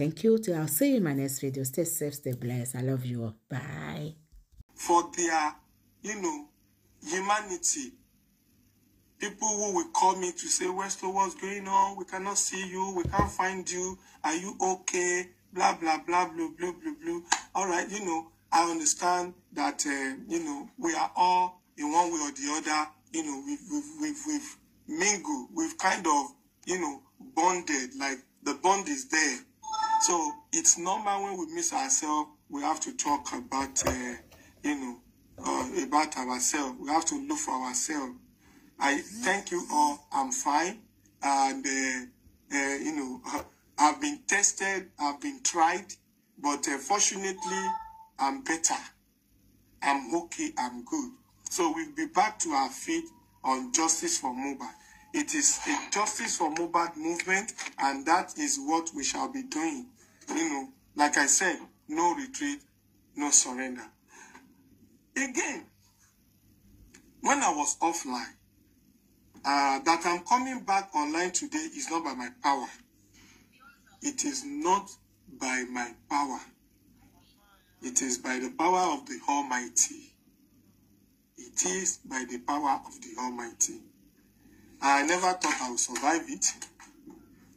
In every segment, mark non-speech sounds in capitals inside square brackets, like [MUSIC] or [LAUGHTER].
Thank you. Till I'll see you in my next video. Stay safe, stay blessed. I love you all. Bye. For their, you know, humanity, people who will call me to say, Westo, what's going on? We cannot see you. We can't find you. Are you okay? Blah, blah, blah, blah, blah, blah, blah. All right, you know, I understand that, uh, you know, we are all in one way or the other, you know, we've, we've, we've, we've mingled, we've kind of, you know, bonded, like the bond is there so it's normal when we miss ourselves, we have to talk about, uh, you know, uh, about ourselves. We have to look for ourselves. I thank you all. I'm fine. And, uh, uh you know, uh, I've been tested, I've been tried, but uh, fortunately, I'm better. I'm okay, I'm good. So we'll be back to our feet on Justice for Mobile. It is a justice for mobile movement, and that is what we shall be doing. You know, like I said, no retreat, no surrender. Again, when I was offline, uh, that I'm coming back online today is not by my power. It is not by my power. It is by the power of the Almighty. It is by the power of the Almighty. I never thought I would survive it.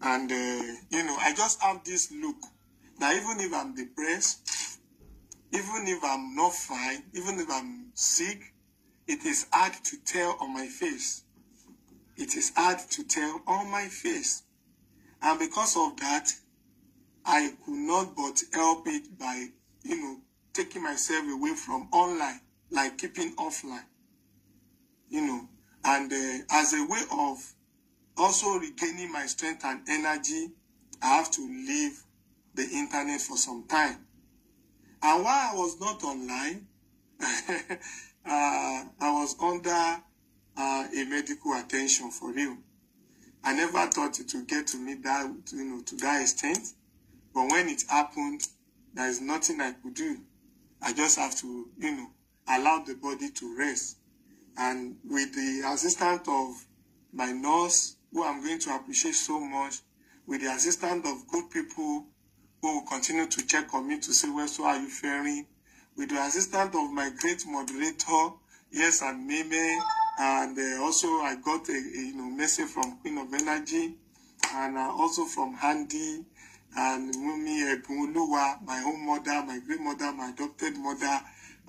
And, uh, you know, I just have this look that even if I'm depressed, even if I'm not fine, even if I'm sick, it is hard to tell on my face. It is hard to tell on my face. And because of that, I could not but help it by, you know, taking myself away from online, like keeping offline. You know, And uh, as a way of also regaining my strength and energy, I have to leave the internet for some time. And while I was not online, [LAUGHS] uh, I was under uh, a medical attention for real. I never thought it would get to me that you know to that extent, but when it happened, there is nothing I could do. I just have to you know allow the body to rest and with the assistance of my nurse, who I'm going to appreciate so much, with the assistance of good people who will continue to check on me to see where so are you faring, with the assistance of my great moderator, yes, and Meme, and uh, also I got a, a, you know message from Queen of Energy, and uh, also from Handy, and Mumi Ebunoluwa, my own mother, my great mother, my adopted mother,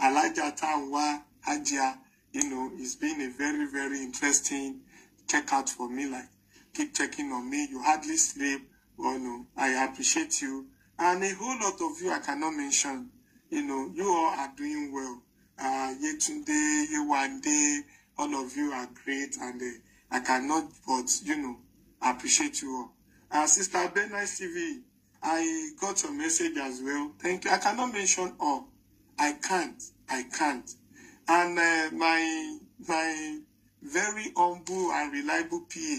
Elijah Tanwa, Hajia, you know, it's been a very, very interesting checkout for me. Like, keep checking on me. You hardly sleep. Oh no, I appreciate you. And a whole lot of you I cannot mention. You know, you all are doing well. Uh, Yetunde, Yewande, all of you are great, and uh, I cannot but you know appreciate you all. Uh, Sister Benice TV, I got your message as well. Thank you. I cannot mention all. I can't. I can't and uh, my my very humble and reliable PA,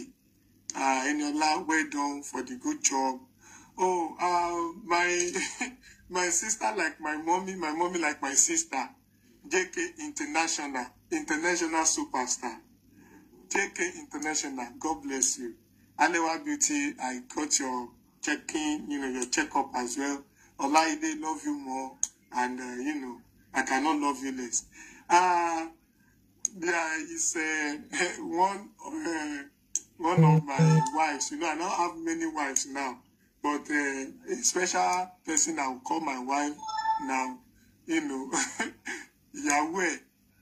uh, Eniola, well done for the good job. Oh, uh, my [LAUGHS] my sister like my mommy, my mommy like my sister. JK International, international superstar. JK International, God bless you. Alewa Beauty, I got your checking, you know, your checkup as well. Olaide, love you more, and uh, you know, I cannot love you less. Uh, there is uh, one uh, one of my wives. You know, I don't have many wives now, but uh, a special person I will call my wife now. You know, [LAUGHS] Yahweh.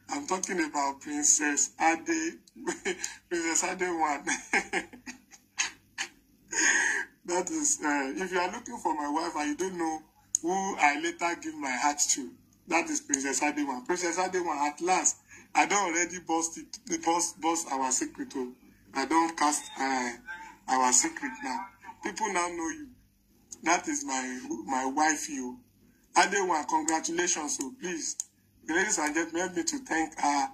I'm talking about Princess Ade, [LAUGHS] Princess Ade one. [LAUGHS] that is, uh, if you are looking for my wife and you don't know who I later give my heart to, That is Princess Adewan. Princess Adewan, at last, I don't already bust it, Bust bust our secret. Oh. I don't cast uh, our secret now. People now know you. That is my my wife, you. Adewan, congratulations. So oh, please, ladies and gentlemen, help me to thank her.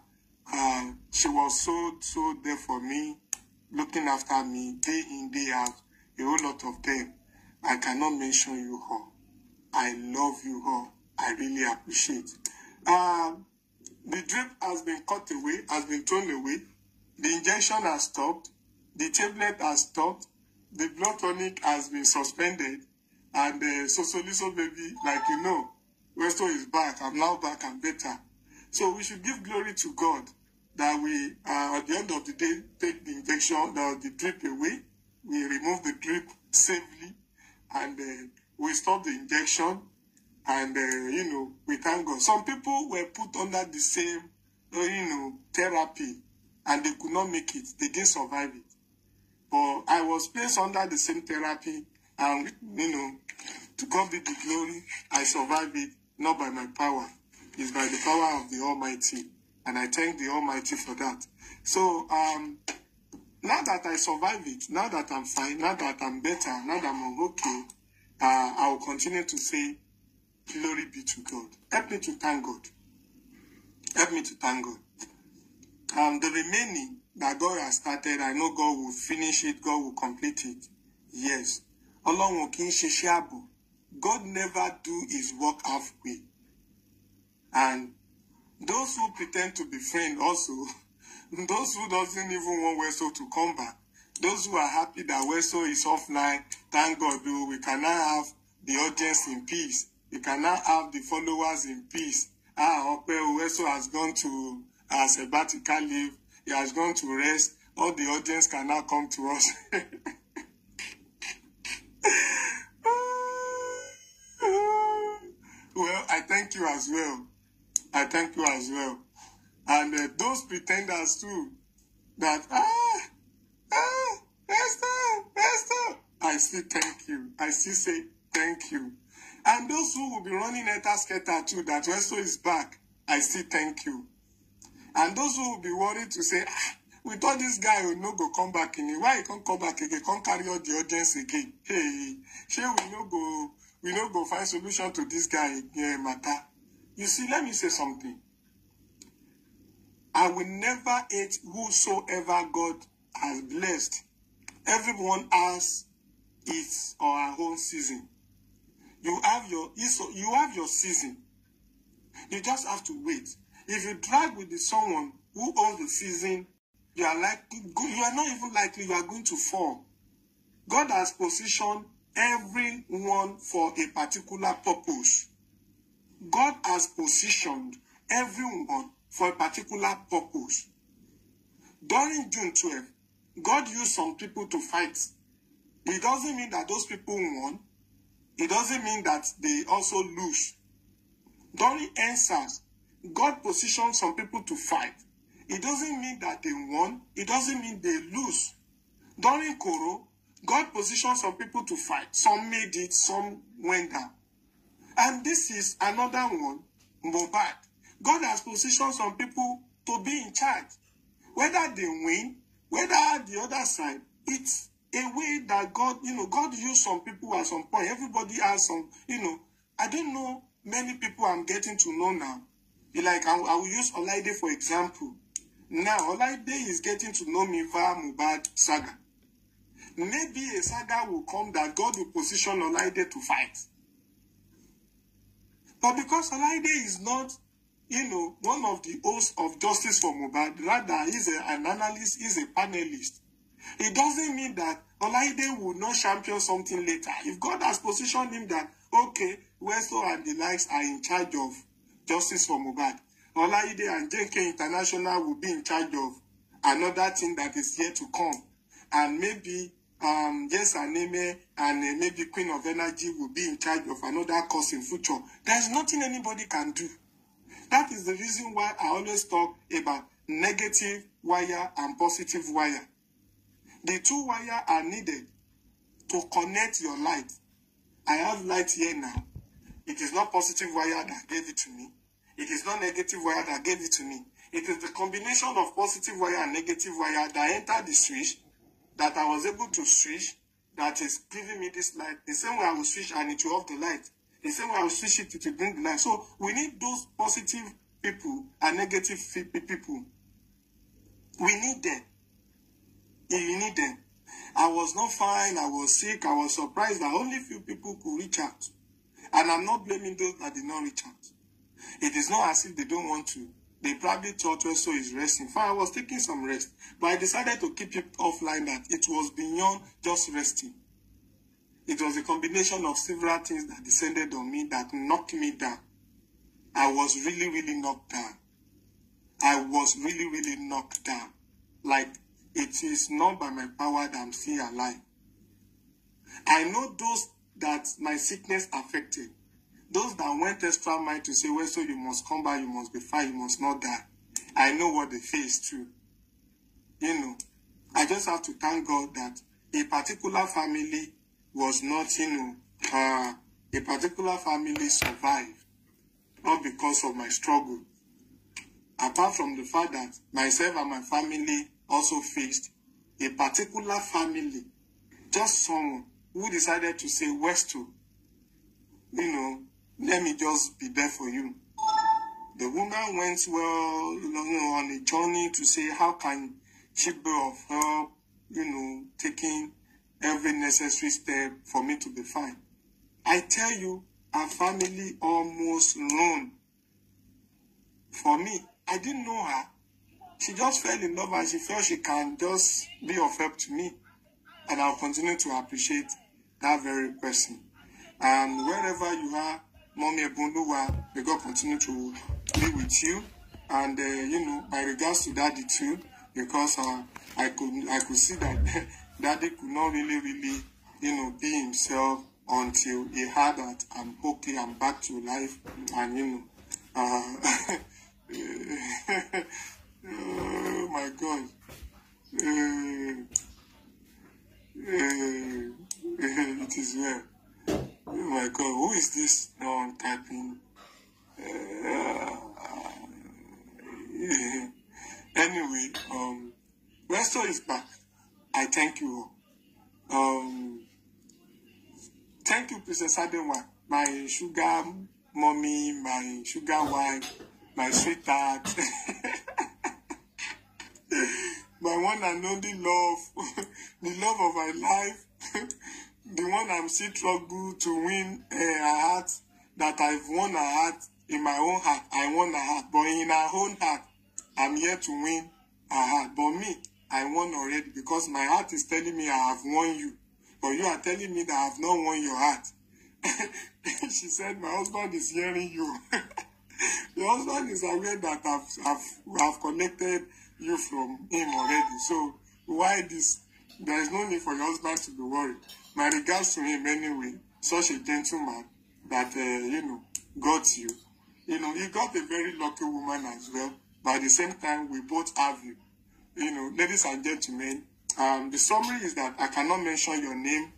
Uh, she was so, so there for me, looking after me day in, day out. A whole lot of them. I cannot mention you all. I love you all. I really appreciate. Uh, the drip has been cut away, has been thrown away. The injection has stopped. The tablet has stopped. The blood tonic has been suspended. And uh, so, so little baby, like you know, Westo is back. I'm now back. and better. So we should give glory to God that we, uh, at the end of the day, take the injection, the, uh, the drip away. We remove the drip safely and uh, we stop the injection And, uh, you know, we thank God. Some people were put under the same, uh, you know, therapy and they could not make it. They didn't survive it. But I was placed under the same therapy and, you know, to God be the glory, I survived it, not by my power. It's by the power of the Almighty. And I thank the Almighty for that. So, um, now that I survived it, now that I'm fine, now that I'm better, now that I'm okay, uh, will continue to say Glory be to God. Help me to thank God. Help me to thank God. Um, the remaining that God has started, I know God will finish it, God will complete it. Yes. Along with King ṣiṣẹ́ God never do his work halfway. And those who pretend to be friends also, [LAUGHS] those who doesn't even want Weso to come back, those who are happy that Weso is offline, thank God, we can now have the audience in peace you can now have the followers in peace. Ah, Ope Uweso has gone to a sabbatical leave. He has gone to rest. All the audience can now come to us. [LAUGHS] well, I thank you as well. I thank you as well. And uh, those pretenders too, that, ah, ah, Esther, Esther, I still thank you. I still say thank you. And those who will be running Etasketa too, that when is back, I still thank you. And those who will be worried to say, ah, we thought this guy will not go come back in. Why he can't come back again? Can't carry out the audience again. Hey, sure we no go, we no go find solution to this guy yeah, matter. You see, let me say something. I will never hate whosoever God has blessed. Everyone has its or her own season. You have your you have your season. You just have to wait. If you drag with someone who owns the season, you are like you are not even likely you are going to fall. God has positioned everyone for a particular purpose. God has positioned everyone for a particular purpose. During June 12, God used some people to fight. It doesn't mean that those people won it doesn't mean that they also lose. During answers, God positions some people to fight. It doesn't mean that they won. It doesn't mean they lose. During Koro, God positions some people to fight. Some made it, some went down. And this is another one, Mobad. God has positioned some people to be in charge. Whether they win, whether the other side, it's a way that God, you know, God used some people at some point. Everybody has some, you know. I don't know many people I'm getting to know now. Like I, I will use Olaide for example. Now Olaide is getting to know me via Mubad saga. Maybe a saga will come that God will position Olaide to fight. But because Olaide is not, you know, one of the hosts of justice for Mubad, rather he's a, an analyst, he's a panelist. It doesn't mean that Olaide will not champion something later. If God has positioned him that, okay, Westo and the likes are in charge of justice for Mohbad, Olaide and JK International will be in charge of another thing that is yet to come. And maybe um, Yes Aneme and uh, maybe Queen of Energy will be in charge of another cause in future. There's nothing anybody can do. That is the reason why I always talk about negative wire and positive wire. The two wires are needed to connect your light. I have light here now. It is not positive wire that gave it to me. It is not negative wire that gave it to me. It is the combination of positive wire and negative wire that entered the switch that I was able to switch that is giving me this light. The same way I will switch and it will off the light. The same way I will switch it to bring the light. So we need those positive people and negative people. We need them. that you need them. I was not fine. I was sick. I was surprised that only few people could reach out. And I'm not blaming those that did not reach out. It is not as if they don't want to. They probably thought well, so is resting. Fine, I was taking some rest. But I decided to keep it offline that it was beyond just resting. It was a combination of several things that descended on me that knocked me down. I was really, really knocked down. I was really, really knocked down. Like It is not by my power that I'm still alive. I know those that my sickness affected. Those that went extra mile to say, well, so you must come back, you must be fine, you must not die. I know what they faced too. You know, I just have to thank God that a particular family was not, you know, uh, a particular family survived, not because of my struggle. Apart from the fact that myself and my family also faced a particular family, just someone who decided to say, Westo, you know, let me just be there for you. The woman went well, you know, on a journey to say, how can she be of help, you know, taking every necessary step for me to be fine. I tell you, our family almost run. For me, I didn't know her. she just fell in love and she felt she can just be of help to me. And I'll continue to appreciate that very person. And wherever you are, Mommy Ebunduwa, may God continue to be with you. And, uh, you know, by regards to Daddy too, because uh, I could I could see that [LAUGHS] Daddy could not really, really, you know, be himself until he heard that I'm okay, I'm back to life, and, you know, uh, [LAUGHS] Oh my God. Uh, uh, it is well. Oh my God, who is this Now I'm typing? Uh, anyway, um, Resto is back. I thank you. Um, thank you, Princess Adenwa, my sugar mommy, my sugar wife, my sweetheart. [LAUGHS] one and only love, [LAUGHS] the love of my life, [LAUGHS] the one I'm still struggling to win uh, her heart, that I've won her heart in my own heart. I won her heart, but in her own heart, I'm here to win her heart. But me, I won already because my heart is telling me I have won you, but you are telling me that I have not won your heart. [LAUGHS] she said, my husband is hearing you. the husband is aware that I've, I've, I've connected you from him already. So why this? There is no need for your husband to be worried. My regards to him anyway. Such a gentleman that uh, you know got you. You know he got a very lucky woman as well. But at the same time, we both have you. You know, ladies and gentlemen, um, the summary is that I cannot mention your name,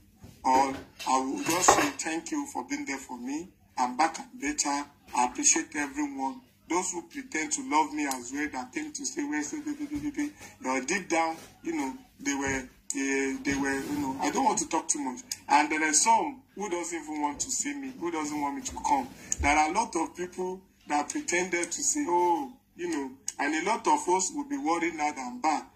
or I will just say thank you for being there for me. I'm back better. I appreciate everyone those who pretend to love me as well that came to say well so do, do, deep down you know they were they, eh, they were you know i don't want to talk too much and there are some who doesn't even want to see me who doesn't want me to come there are a lot of people that pretended to say oh you know and a lot of us would be worried now that back